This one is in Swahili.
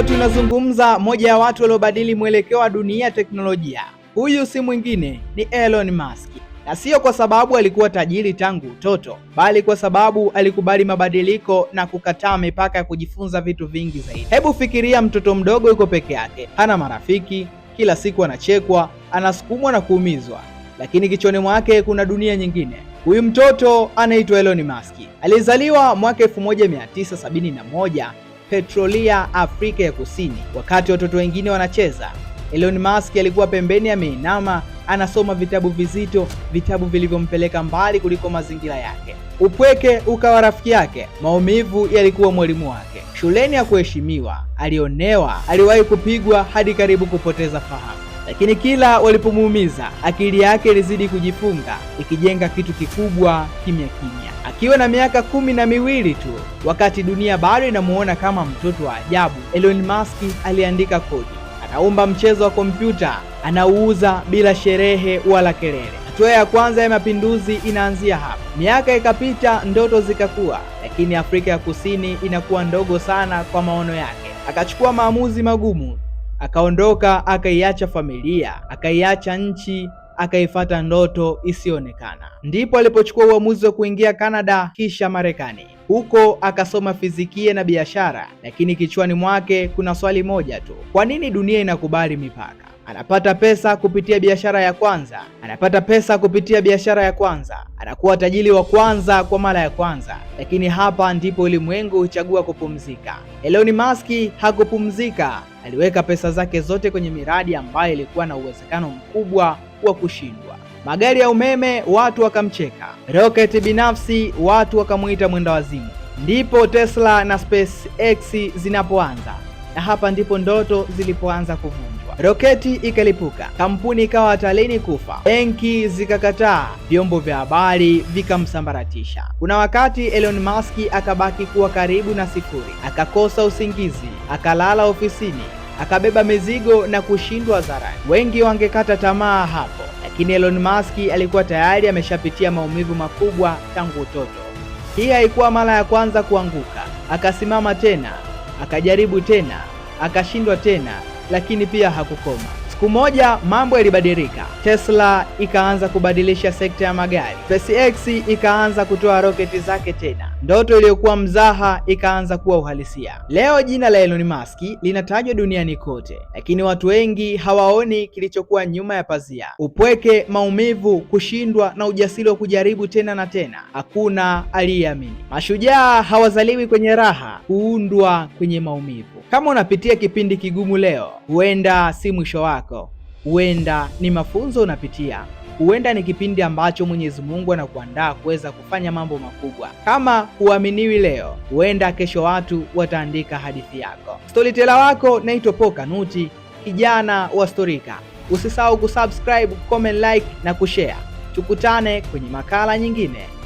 Leo tunazungumza moja ya watu waliobadili mwelekeo wa dunia teknolojia. Huyu si mwingine ni Elon Musk, na sio kwa sababu alikuwa tajiri tangu utoto, bali kwa sababu alikubali mabadiliko na kukataa mipaka ya kujifunza vitu vingi zaidi. Hebu fikiria, mtoto mdogo yuko peke yake, hana marafiki, kila siku anachekwa, anasukumwa na kuumizwa, lakini kichwani mwake kuna dunia nyingine. Huyu mtoto anaitwa Elon Musk. Alizaliwa mwaka 1971 Petrolia Afrika ya Kusini wakati watoto wengine wanacheza. Elon Musk alikuwa pembeni ameinama anasoma vitabu vizito, vitabu vilivyompeleka mbali kuliko mazingira yake. Upweke ukawa rafiki yake, maumivu yalikuwa mwalimu wake. Shuleni ya kuheshimiwa, alionewa, aliwahi kupigwa hadi karibu kupoteza fahamu lakini kila walipomuumiza akili yake ilizidi kujifunga, ikijenga kitu kikubwa kimya kimya. Akiwa na miaka kumi na miwili tu, wakati dunia bado inamuona kama mtoto wa ajabu, Elon Musk aliandika kodi, anaumba mchezo wa kompyuta, anauuza bila sherehe wala kelele. Hatua ya kwanza ya mapinduzi inaanzia hapa. Miaka ikapita, ndoto zikakuwa, lakini Afrika ya Kusini inakuwa ndogo sana kwa maono yake. Akachukua maamuzi magumu Akaondoka akaiacha familia, akaiacha nchi, akaifata ndoto isiyoonekana. Ndipo alipochukua uamuzi wa kuingia Kanada kisha Marekani. Huko akasoma fizikia na biashara, lakini kichwani mwake kuna swali moja tu: kwa nini dunia inakubali mipaka? Anapata pesa kupitia biashara ya kwanza, anapata pesa kupitia biashara ya kwanza, anakuwa tajiri wa kwanza kwa mara ya kwanza. Lakini hapa ndipo ulimwengu huchagua kupumzika. Elon Musk hakupumzika, aliweka pesa zake zote kwenye miradi ambayo ilikuwa na uwezekano mkubwa wa kushindwa. Magari ya umeme, watu wakamcheka. Roketi binafsi, watu wakamwita mwenda wazimu. Ndipo Tesla na SpaceX zinapoanza na hapa ndipo ndoto zilipoanza kuvunjwa. Roketi ikalipuka, kampuni ikawa hatarini kufa, benki zikakataa, vyombo vya habari vikamsambaratisha. Kuna wakati Elon Musk akabaki kuwa karibu na sifuri, akakosa usingizi, akalala ofisini, akabeba mizigo na kushindwa zarani Wengi wangekata tamaa hapo, lakini Elon Musk alikuwa tayari ameshapitia maumivu makubwa tangu utoto. Hii haikuwa mara ya kwanza kuanguka, akasimama tena Akajaribu tena, akashindwa tena, lakini pia hakukoma. Siku moja mambo yalibadilika. Tesla ikaanza kubadilisha sekta ya magari. SpaceX ikaanza kutoa roketi zake tena. Ndoto iliyokuwa mzaha ikaanza kuwa uhalisia. Leo jina la Elon Musk linatajwa duniani kote, lakini watu wengi hawaoni kilichokuwa nyuma ya pazia: upweke, maumivu, kushindwa na ujasiri wa kujaribu tena na tena. Hakuna aliyeamini. Mashujaa hawazaliwi kwenye raha, huundwa kwenye maumivu. Kama unapitia kipindi kigumu leo, huenda si mwisho wako. Huenda ni mafunzo unapitia, huenda ni kipindi ambacho Mwenyezi Mungu anakuandaa kuweza kufanya mambo makubwa. Kama huaminiwi leo, huenda kesho watu wataandika hadithi yako. Storyteller wako naitwa Po Kanuti, kijana wa Storika. Usisahau kusubscribe, comment, like na kushare. Tukutane kwenye makala nyingine.